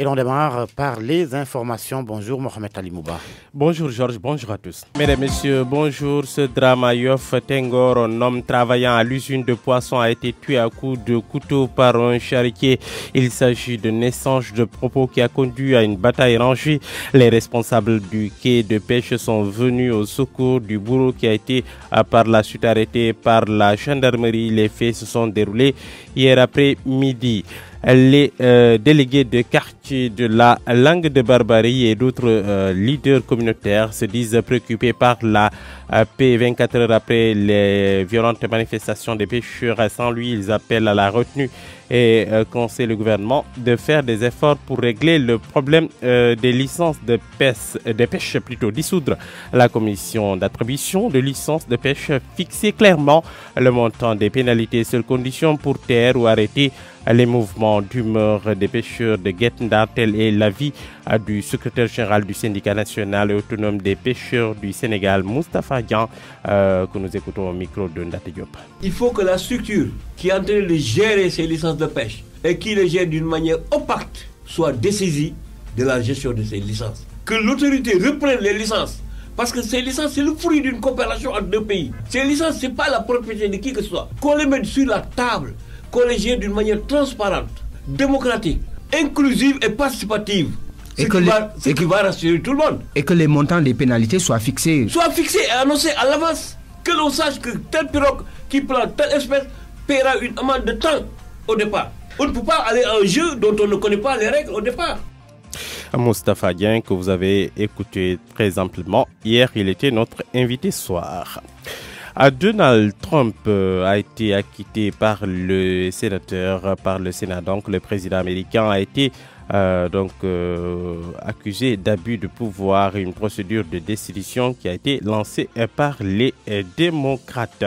Et l'on démarre par les informations. Bonjour Mohamed Ali Mouba. Bonjour Georges, bonjour à tous. Mesdames, et Messieurs, bonjour. Ce drama Yof Tengor, un homme travaillant à l'usine de poissons, a été tué à coups de couteau par un charretier. Il s'agit d'un essence de propos qui a conduit à une bataille rangée. Les responsables du quai de pêche sont venus au secours du bourreau qui a été euh, par la suite arrêté par la gendarmerie. Les faits se sont déroulés hier après-midi. Les euh, délégués de carte, de la langue de Barbarie et d'autres euh, leaders communautaires se disent préoccupés par la euh, paix 24 heures après les violentes manifestations des pêcheurs. Sans lui, ils appellent à la retenue et euh, conseillent le gouvernement de faire des efforts pour régler le problème des licences de pêche, Des plutôt dissoudre la commission d'attribution de licences de pêche, fixer clairement le montant des pénalités, seules conditions pour taire ou arrêter les mouvements d'humeur des pêcheurs de Guetnda Tel est l'avis euh, du secrétaire général du syndicat national et autonome des pêcheurs du Sénégal, Moustapha Dian, euh, que nous écoutons au micro de Ndate Diop. Il faut que la structure qui est en train de gérer ces licences de pêche et qui les gère d'une manière opaque soit décisive de la gestion de ces licences. Que l'autorité reprenne les licences. Parce que ces licences, c'est le fruit d'une coopération entre deux pays. Ces licences, ce n'est pas la propriété de qui que ce soit. Qu'on les mette sur la table, qu'on les gère d'une manière transparente, démocratique, inclusive et participative. Et que qui, va, rassurer tout le monde. Et que les montants des pénalités soient fixés. Soient fixés et annoncés à l'avance. Que l'on sache que tel pirogue qui prend telle espèce paiera une amende de temps au départ. On ne peut pas aller à un jeu dont on ne connaît pas les règles au départ. Moustapha Dien, que vous avez écouté très amplement hier, il était notre invité soir. Ah, Donald Trump euh, a été acquitté par le sénateur, par le Sénat. Donc, le président américain a été euh, donc euh, accusé d'abus de pouvoir, une procédure de décision qui a été lancée euh, par les démocrates.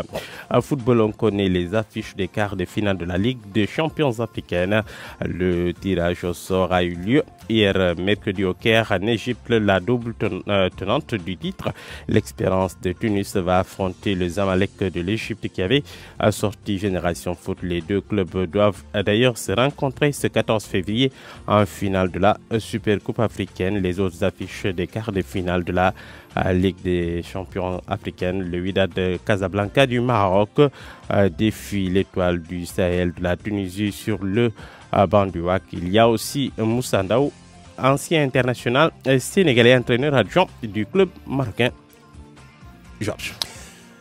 En football, on connaît les affiches des quarts de finale de la Ligue des champions africaine. Le tirage au sort a eu lieu hier mercredi au Caire en Égypte, la double tenante du titre. L'expérience de Tunis va affronter le Zamalek de l'Égypte qui avait sorti Génération Foot. Les deux clubs doivent d'ailleurs se rencontrer ce 14 février en finale de la Super Coupe africaine. Les autres affiches des quarts de finale de la euh, Ligue des champions Africaines. le Wydad de Casablanca du Maroc euh, défie l'étoile du Sahel de la Tunisie sur le euh, banc du WAC. Il y a aussi Moussandaou, ancien international sénégalais entraîneur adjoint du club marocain. Georges.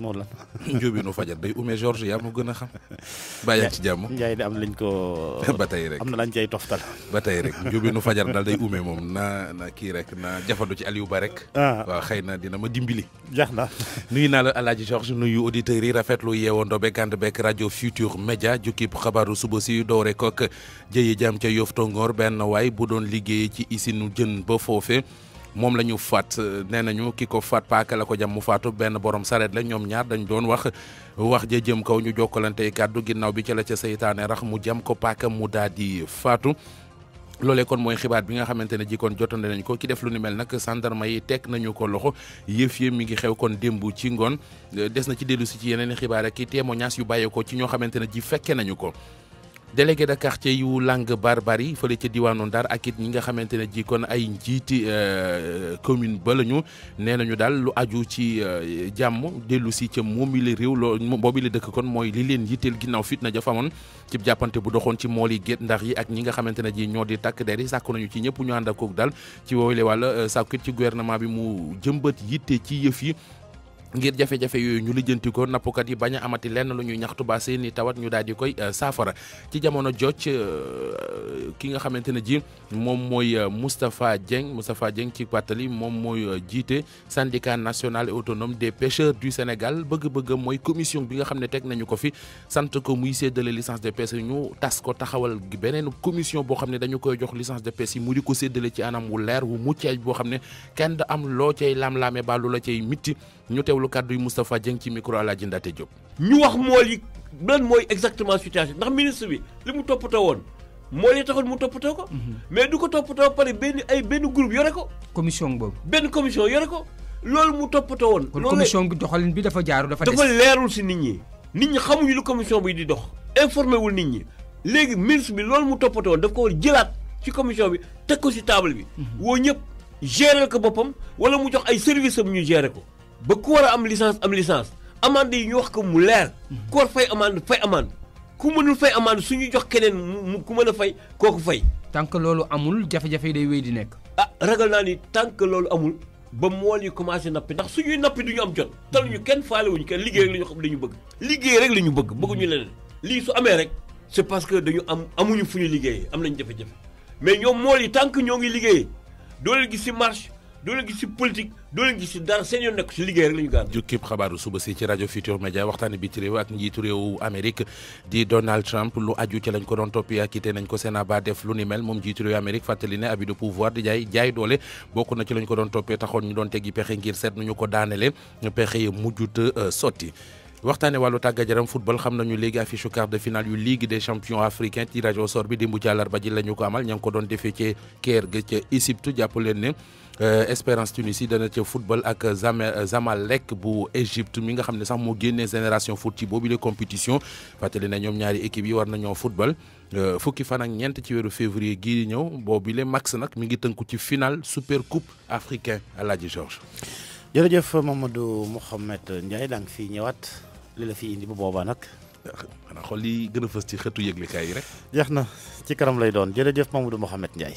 moo la njóobinu fajar day ume George yaa mu gën a xam bàyyi ci jàmm njaay ne am lañ ko ba tey rek am na lañ cay toftal ba tey rek njóobinu fajar daal day ume moom na na kii rek na jafandu ci Aliou Ba rek ah. waaw xëy na dina ma dimbili jeex na nuyu naa la Alaaji George nuyu auditeurs yi rafetlu yeewandoo beeg ànd beeg rajo Futur Média jukkib xabaaru suba si doore kook jëye jaam ca Yof Tongoor benn waay bu doon liggéeye ci isinu jën ba foofe moom la ñu faat nee nañu ki ko faat paaka la ko jam mu faatu benn borom sareet la ñoom ñaar dañ doon wax wax ja jëm kaw ñu jokkalante kàddu ginnaaw bi ci la ca seytaane rax mu jam ko paaka mu daal di faatu loole kon mooy xibaar bi nga xamante ne jikkoon jotande nañ ko ki def lu ni mel nag gendarme yi teg nañu ko loxo yëf yi mi ngi xew kon démb ci ngoon des na ci dellu si ci yeneen i xibaar ak i témoignage yu ko ci ñoo xamante ne ji fekke nañu ko délégué de quartier yu langue barbari yi fële ca diwaanu Ndar ak it ñi nga xamante ne ji kon ay njiiti euh, commune ba lañu nee ñu daal lu aju ci euh, jàmm dellu si ca moomili réew loo moomili dëkk kon mooy li leen yitteel ginnaaw fitna ja famoon ci jàppante bu doxoon ci mool yi gétt ndax yi ak ñi nga xamante ne ji ñoo di takk der yi sàkku nañu ci ñëpp ñu ànd ak kook daal ci woowule wàll euh, sàkku it ci gouvernement bi mu jëmbat yitte ci yëf yi ngir jafe-jafe yooyu ñu lijjanti ko nappkat yi bañ a amati lenn lu ñuy ñaxtu ba ni tawat ñu daal di koy euh, saafara ci jamono jooc euh, ki nga xamante ne ji moom mooy euh, Moustapha Dieng Moustapha Dieng ci pàttali moom mooy jiite syndicat national et autonome des pêcheurs du Sénégal bëgg-bëgg mooy commission bi nga xam ne teg nañu ko fi sant ko muy séddale licence de pêche ñu tas ko taxawal beneen commission boo xam ne dañu koy jox licence de pêche mu di ko séddale ci anam wu leer wu mucc boo xam ne kenn am loo cay lam-laame la cay mitti teewlu kàddu yu Moustapha Dieng ci micro Alaaji Ndate Diop. ñu wax mool yi lan mooy exactement situation ndax ministre bi li mu toppatoo woon mool yi taxoon mu toppatoo ko. Mhm. mais du ko toppatoo pare benn ay benn groupe yore ko. commission boobu benn commission yore ko. loolu mu toppatoo woon. loolu kon commission bi doxalin bi dafa jaaru dafa des dafa leerul si nit ñi. nit ñi xamuñu lu commission bi di dox. informé wul nit ñi léegi ministre bi loolu mu toppatoo woon ko war jëlaat ci commission bi teg ko si table bi. Mhm. woo ñëpp gérer ko boppam wala mu jox ay service am ñu gérer ko. ba ku war a am licence am licence amande yi ñu wax ko mu leer. ku war fay amande fay amande ku mënul fay amande su ñu jox keneen mu ku mën a fay kooku fay. tant loolu amul jafe-jafe yi day wéy di nekk. ah ragal naa ni tant loolu amul ba mool yi commencé nappi ndax suñuy nappi du ñu am jot. tal ñu kenn faale wuñu kenn liggéey rek la ñu xam li ñu bëgg. liggéey rek la ñu bëgg bëgguñu leneen lii su amee rek c'est parce que dañu am amuñu fu ñu liggéeyee am nañu jafe-jafe mais ñoom mool yi tant que ñoo ngi liggéeyee doo leen gis ci marche doo leen gis si politique doo leen gis si dara seen yoon nekk si liggéey rek lañu ñu gaan jukkib xabaaru suba si ci radio Futur Media waxtane bi ci réew ak njitu réewu amerique di Donald Trump lu aju ci lañ ko don doon ak ité nañ ko Sénat ba def lu ni mel mom njitu réewu amerique fatali ne abus de pouvoir di jay jay dole bokk na ci lañ ko don topé taxone ñu don teggi pexé ngir seet ñu ko daanele pexé yi mujjut euh, sotti waxtane walu tagajaram football xam nañu léegi affiche quart de finale yu ligue des champions africain tirage au sort bi démb àllarba ji la ko amal ña ngi ko doon defee ci Caire Égypte jàpp leen ne euh, Espérance Tunisie dana ci football ak euh, Zamalek bu Égypte mi nga xamné sax mo génné génération foot ci bobu les compétition fàttali na ñom ñaari équipe yi war nañu football euh, fukki fan ak ñent ci wéru février gi di ñëw boobu max nak mi ngi tënku ci finale super coupe africain Alaaji Georges. jërëjëf Mamadou Mohamed Ndiaye da nga fiy ñëwaat. li la fi indi bu boobaa nag. xanaa li gën a fës ci xëtu yëglekaay yi rek. jeex na ci kanam lay doon jërëjëf Mamadou Mouhamed Ndiaye.